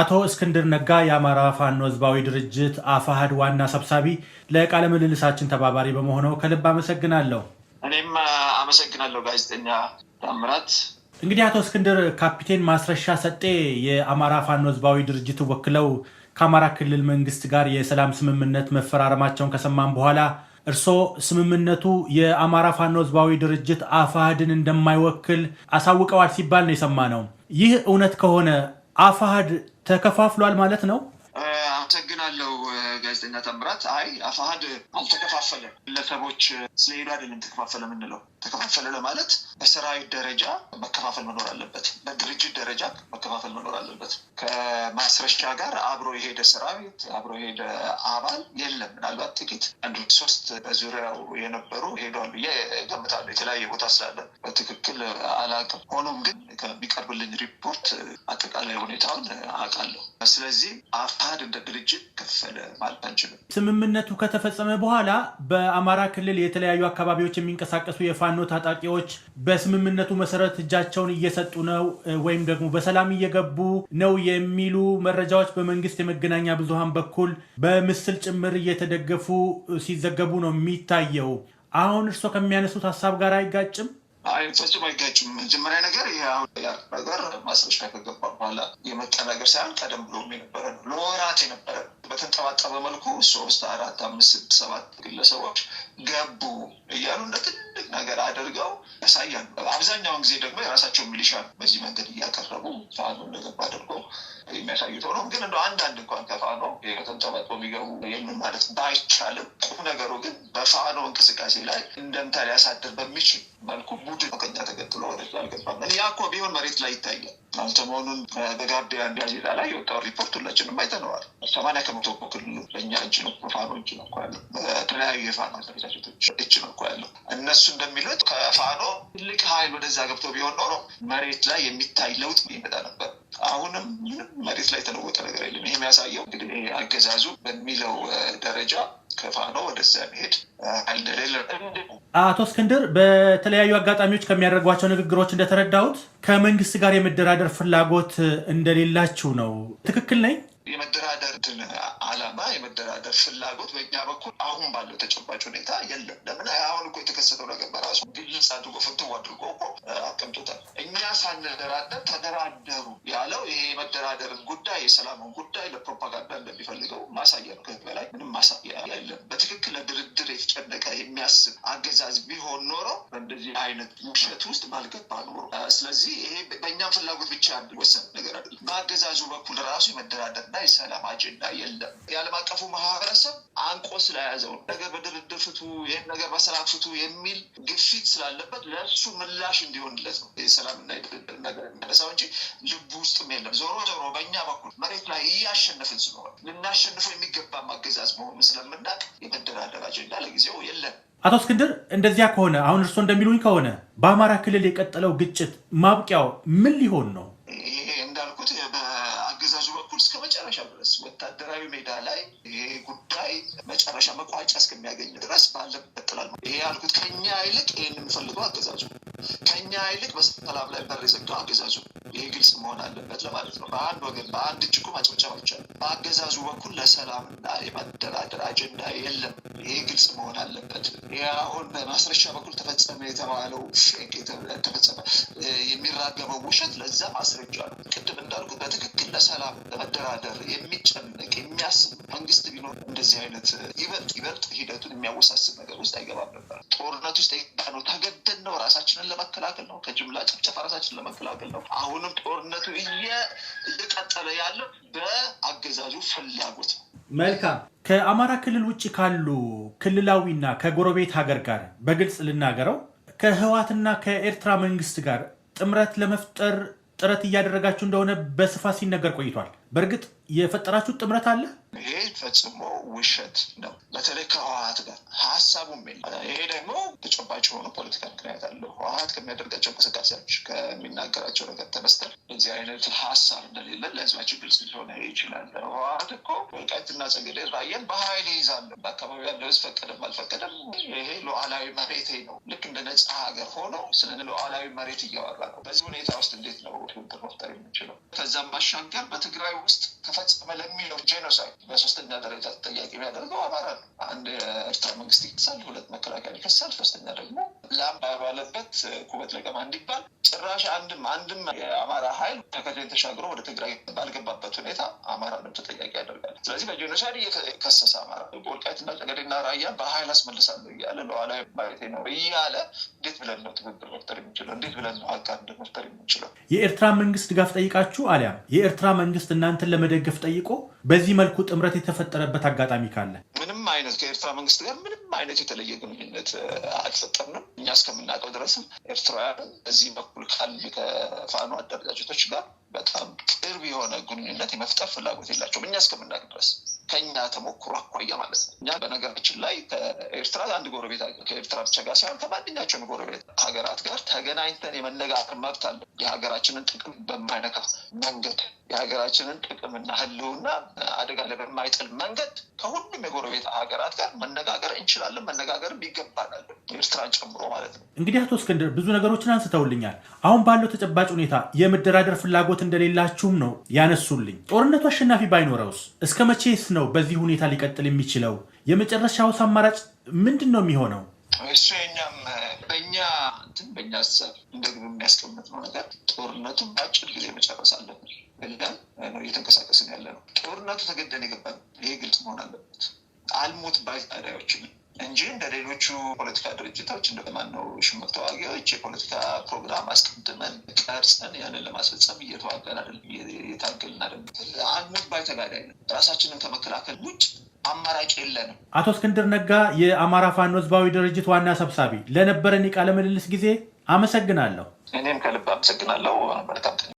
አቶ እስክንድር ነጋ የአማራ ፋኖ ህዝባዊ ድርጅት አፋህድ ዋና ሰብሳቢ ለቃለ ምልልሳችን ተባባሪ በመሆነው ከልብ አመሰግናለሁ። እኔም አመሰግናለሁ ጋዜጠኛ ታምራት። እንግዲህ አቶ እስክንድር ካፒቴን ማስረሻ ሰጤ የአማራ ፋኖ ህዝባዊ ድርጅት ወክለው ከአማራ ክልል መንግስት ጋር የሰላም ስምምነት መፈራረማቸውን ከሰማን በኋላ እርስዎ ስምምነቱ የአማራ ፋኖ ህዝባዊ ድርጅት አፋህድን እንደማይወክል አሳውቀዋል ሲባል ነው የሰማነው። ይህ እውነት ከሆነ አፋህድ ተከፋፍሏል ማለት ነው? አመሰግናለሁ ጋዜጠኛ ተምራት አይ አፋሀድ አልተከፋፈለም። ግለሰቦች ስለሄዱ አይደለም ተከፋፈለ የምንለው። ተከፋፈለ ለማለት በሰራዊት ደረጃ መከፋፈል መኖር አለበት። በድርጅት ደረጃ መከፋፈል መኖር አለበት። ከማስረሻ ጋር አብሮ የሄደ ሰራዊት አብሮ የሄደ አባል የለም። ምናልባት ጥቂት አንድ ሶስት በዙሪያው የነበሩ ሄደዋል ብዬ እገምታለሁ። የተለያየ ቦታ ስላለ በትክክል አላውቅም። ሆኖም ግን ከሚቀርብልኝ ሪፖርት አጠቃላይ ሁኔታውን አውቃለሁ። ስለዚህ አፋድ እንደ ድርጅት ከፈለ ማለት አንችልም። ስምምነቱ ከተፈጸመ በኋላ በአማራ ክልል የተለያዩ አካባቢዎች የሚንቀሳቀሱ የፋኖ ታጣቂዎች በስምምነቱ መሰረት እጃቸውን እየሰጡ ነው ወይም ደግሞ በሰላም እየገቡ ነው የሚሉ መረጃዎች በመንግስት የመገናኛ ብዙሃን በኩል በምስል ጭምር እየተደገፉ ሲዘገቡ ነው የሚታየው። አሁን እርስዎ ከሚያነሱት ሀሳብ ጋር አይጋጭም? አይ ፈጽሞ አይጋጭም። መጀመሪያ ነገር አሁን ነገር ማስረሻ ከገባ በኋላ የመጣ ነገር ሳይሆን ቀደም ብሎ የነበረ ነው፣ ለወራት የነበረ በተንጠባጠበ መልኩ ሶስት አራት አምስት ስድስት ሰባት ግለሰቦች ገቡ እያሉ እንደ ትልቅ ነገር አድርገው ያሳያሉ። አብዛኛውን ጊዜ ደግሞ የራሳቸው ሚሊሻ በዚህ መንገድ እያቀረቡ ፋኖ እንደገባ አድርጎ የሚያሳዩት ነው። ግን እንደ አንዳንድ እንኳን ከፋኖ የቅጥም ተመጥቶ የሚገቡ የሉም ማለት ባይቻልም፣ ቁም ነገሩ ግን በፋኖ እንቅስቃሴ ላይ እንደምታ ሊያሳድር በሚችል መልኩ ቡድን ከኛ ተገጥሎ ወደ አልገባም። ያ እኮ ቢሆን መሬት ላይ ይታያል። ሰሞኑን በጋርዲያን ጋዜጣ ላይ የወጣው ሪፖርት ሁላችንም አይተነዋል። ሰማንያ ከመቶ እኮ ክልሉ በእኛ እጅ ነው፣ ፋኖ እጅ ነው እኮ ያለው። በተለያዩ የፋኖ አደረጃጀቶች እጅ ነው እኮ ያለው። እነሱ እንደሚሉት ከፋኖ ትልቅ ኃይል ወደዛ ገብቶ ቢሆን ኖሮ መሬት ላይ የሚታይ ለውጥ ይመጣ ነበር። አሁንም ምንም መሬት ላይ የተለወጠ ነገር የለም። ይህ የሚያሳየው እንግዲህ አገዛዙ በሚለው ደረጃ ከፋኖ ወደዛ መሄድ አልደለለ። አቶ እስክንድር በተለያዩ አጋጣሚዎች ከሚያደርጓቸው ንግግሮች እንደተረዳሁት ከመንግስት ጋር የመደራደር ፍላጎት እንደሌላችሁ ነው። ትክክል ነኝ? የመደራደር ድን አላማ የመደራደር ፍላጎት በእኛ በኩል አሁን ባለው ተጨባጭ ሁኔታ የለም። ለምን አሁን ራሱ ግልጽ አድርጎ ፍትው አድርጎ እኮ አቀምጦታል። እኛ ሳንደራደር ተደራደሩ ያለው ይሄ የመደራደርን ጉዳይ የሰላምን ጉዳይ ለፕሮፓጋንዳ እንደሚፈልገው ማሳያ ነው። ከህግ በላይ ምንም ማሳያ የለም። በትክክል ለድርድር የተጨነቀ የሚያስብ አገዛዝ ቢሆን ኖሮ በእንደዚህ አይነት ውሸት ውስጥ ባልገባ ኖሮ። ስለዚህ ይሄ በእኛም ፍላጎት ብቻ ወሰን ነገር አይደለም። በአገዛዙ በኩል ራሱ የመደራደርና የሰላም አጀንዳ የለም። የዓለም አቀፉ ማህበረሰብ አንቆ ስለያዘው ነው። ነገር በድርድር ፍቱ፣ ይህን ነገር በሰላም ፍቱ የሚል ግፊት ስላለበት ለእሱ ምላሽ እንዲሆንለት ነው የሰላምና የድርድር ነገር የሚያነሳው እንጂ ልቡ ውስጥም የለም። ዞሮ ዞሮ በእኛ በኩል መሬት ላይ እያሸነፍን ስለሆነ ልናሸንፈው የሚገባ አገዛዝ መሆኑ ስለምናቅ የመደራደር አጀንዳ ለጊዜው የለን። አቶ እስክንድር እንደዚያ ከሆነ አሁን እርስዎ እንደሚሉኝ ከሆነ በአማራ ክልል የቀጠለው ግጭት ማብቂያው ምን ሊሆን ነው? በአገዛዙ በኩል እስከ መጨረሻ ድረስ ወታደራዊ ሜዳ ላይ ይሄ ጉዳይ መጨረሻ መቋጫ እስከሚያገኝ ድረስ ባለበት ይቀጥላል። ይሄ ያልኩት ከኛ ይልቅ ይህን የምፈልገው አገዛዙ ከኛ ይልቅ በሰላም ላይ በር የዘጋው አገዛዙ ይሄ ግልጽ መሆን አለበት ለማለት ነው። በአንድ ወገን በአንድ እጅ እኮ ማጨብጨብ አይቻልም። በአገዛዙ በኩል ለሰላምና የማደራደር አጀንዳ የለም። ይሄ ግልጽ መሆን አለበት። ይህ አሁን በማስረሻ በኩል ተፈጸመ የተባለው ፌክ ተፈጸመ የሚራገመው ውሸት ለዛ ማስረጃ ነው። ቅድም እንዳልኩት በትክክል ለሰላም ለመደራደር የሚጨነቅ የሚያስብ መንግስት ቢኖር እንደዚህ አይነት ይበልጥ ይበልጥ ሂደቱን የሚያወሳስብ ነገር ውስጥ አይገባም ነበር። ጦርነት ውስጥ ነው። ተገደን ነው። ራሳችንን ለመከላከል ነው። ከጅምላ ጭፍጨፋ ራሳችንን ለመከላከል ነው። አሁንም ጦርነቱ እየቀጠለ ያለ በአገዛዙ ፍላጎት ነው። መልካም። ከአማራ ክልል ውጭ ካሉ ክልላዊና ከጎረቤት ሀገር ጋር በግልጽ ልናገረው ከህዋትና ከኤርትራ መንግስት ጋር ጥምረት ለመፍጠር ጥረት እያደረጋችሁ እንደሆነ በስፋት ሲነገር ቆይቷል። በእርግጥ የፈጠራችሁት ጥምረት አለ። ይሄ ፈጽሞ ውሸት ነው። በተለይ ከህወሀት ጋር ሀሳቡም ይሄ ደግሞ ተጨባጭ የሆኑ ፖለቲካ ምክንያት አለው። ህወሀት ከሚያደርጋቸው እንቅስቃሴዎች፣ ከሚናገራቸው ነገር ተነስተን እዚህ አይነት ሀሳብ እንደሌለ ለህዝባችን ግልጽ ሊሆነ ይችላል። ህወሀት እኮ ወልቃይትና ጸገዴ ራያን በሀይል ይይዛል። በአካባቢ ያለው ህዝብ ፈቀደም አልፈቀደም ይሄ ሉዓላዊ መሬቴ ነው። ልክ እንደ ነጻ ሀገር ሆኖ ስለ ሉዓላዊ መሬት እያወራ ነው። በዚህ ሁኔታ ውስጥ እንዴት ነው ትብብር መፍጠር የምችለው? ከዛም ባሻገር በትግራይ ውስጥ ተፈጸመ ለሚለው ጄኖሳይድ በሶስተኛ ደረጃ ተጠያቂ የሚያደርገው አማራ ነው። አንድ የኤርትራ መንግስት ይከሳል፣ ሁለት መከላከያ ይከሳል፣ ሶስተኛ ደግሞ ላም ባባለበት ኩበት ለቀማ እንዲባል ጭራሽ አንድም አንድም የአማራ ኃይል ተከዜን ተሻግሮ ወደ ትግራይ ባልገባበት ሁኔታ አማራንም ተጠያቂ ያደርጋል። ስለዚህ በጄኖሳይድ እየከሰሰ አማራ ወልቃይትና ጠገዴና ራያ በሀይል አስመልሳለሁ እያለ ለኋላ ማለቴ ነው እያለ እንዴት ብለን ነው ትብብር መፍጠር የሚችለው? እንዴት ብለን ነው አጋር መፍጠር የሚችለው? የኤርትራ መንግስት ድጋፍ ጠይቃችሁ አሊያም የኤርትራ መንግስት እናንተን ለመደገፍ ጠይቆ በዚህ መልኩ ጥምረት የተፈጠረበት አጋጣሚ ካለ ምንም አይነት ከኤርትራ መንግስት ጋር ምንም አይነት የተለየ ግንኙነት አልፈጠርንም። እኛ እስከምናውቀው ድረስም ኤርትራውያን በዚህ በኩል ካሉ ከፋኖ አደረጃጀቶች ጋር በጣም ቅርብ የሆነ ግንኙነት የመፍጠር ፍላጎት የላቸውም። እኛ እስከምናውቅ ድረስ ከኛ ተሞክሮ አኳያ ማለት ነው። እኛ በነገራችን ላይ ከኤርትራ አንድ ጎረቤት ከኤርትራ ብቻ ጋር ሳይሆን ከማንኛቸውም ጎረቤት ሀገራት ጋር ተገናኝተን የመነጋገር መብት አለ። የሀገራችንን ጥቅም በማይነካ መንገድ የሀገራችንን ጥቅምና ህልውና አደጋ ላይ በማይጥል መንገድ ከሁሉም የጎረቤት ሀገራት ጋር መነጋገር እንችላለን፣ መነጋገርም ይገባናል፣ ኤርትራን ጨምሮ ማለት ነው። እንግዲህ አቶ እስክንድር ብዙ ነገሮችን አንስተውልኛል። አሁን ባለው ተጨባጭ ሁኔታ የመደራደር ፍላጎት እንደሌላችሁም ነው ያነሱልኝ። ጦርነቱ አሸናፊ ባይኖረውስ እስከ መቼስ ነው በዚህ ሁኔታ ሊቀጥል የሚችለው? የመጨረሻውስ አማራጭ ምንድን ነው የሚሆነው? እሱ የኛ የሆኑትን በእኛ ሀሳብ የሚያስቀምጥ ነው ነገር ጦርነቱን በአጭር ጊዜ መጨረስ አለብን ብለን ነው እየተንቀሳቀስን ያለ ነው። ጦርነቱ ተገደን የገባ ይሄ ግልጽ መሆን አለበት። አልሞት ባይ ታዲያዎችም እንጂ እንደ ሌሎቹ ፖለቲካ ድርጅቶች እንደማነው ሽምቅ ተዋጊዎች የፖለቲካ ፕሮግራም አስቀድመን ቀርጸን ያንን ለማስፈጸም እየተዋጋን አይደለም፣ እየታገልን አይደለም። አልሞት ባይ ተጋዳይ ራሳችንን ከመከላከል ውጭ አማራጭ የለንም። አቶ እስክንድር ነጋ የአማራ ፋኖ ህዝባዊ ድርጅት ዋና ሰብሳቢ፣ ለነበረን የቃለ ምልልስ ጊዜ አመሰግናለሁ። እኔም ከልብ አመሰግናለሁ። በጣም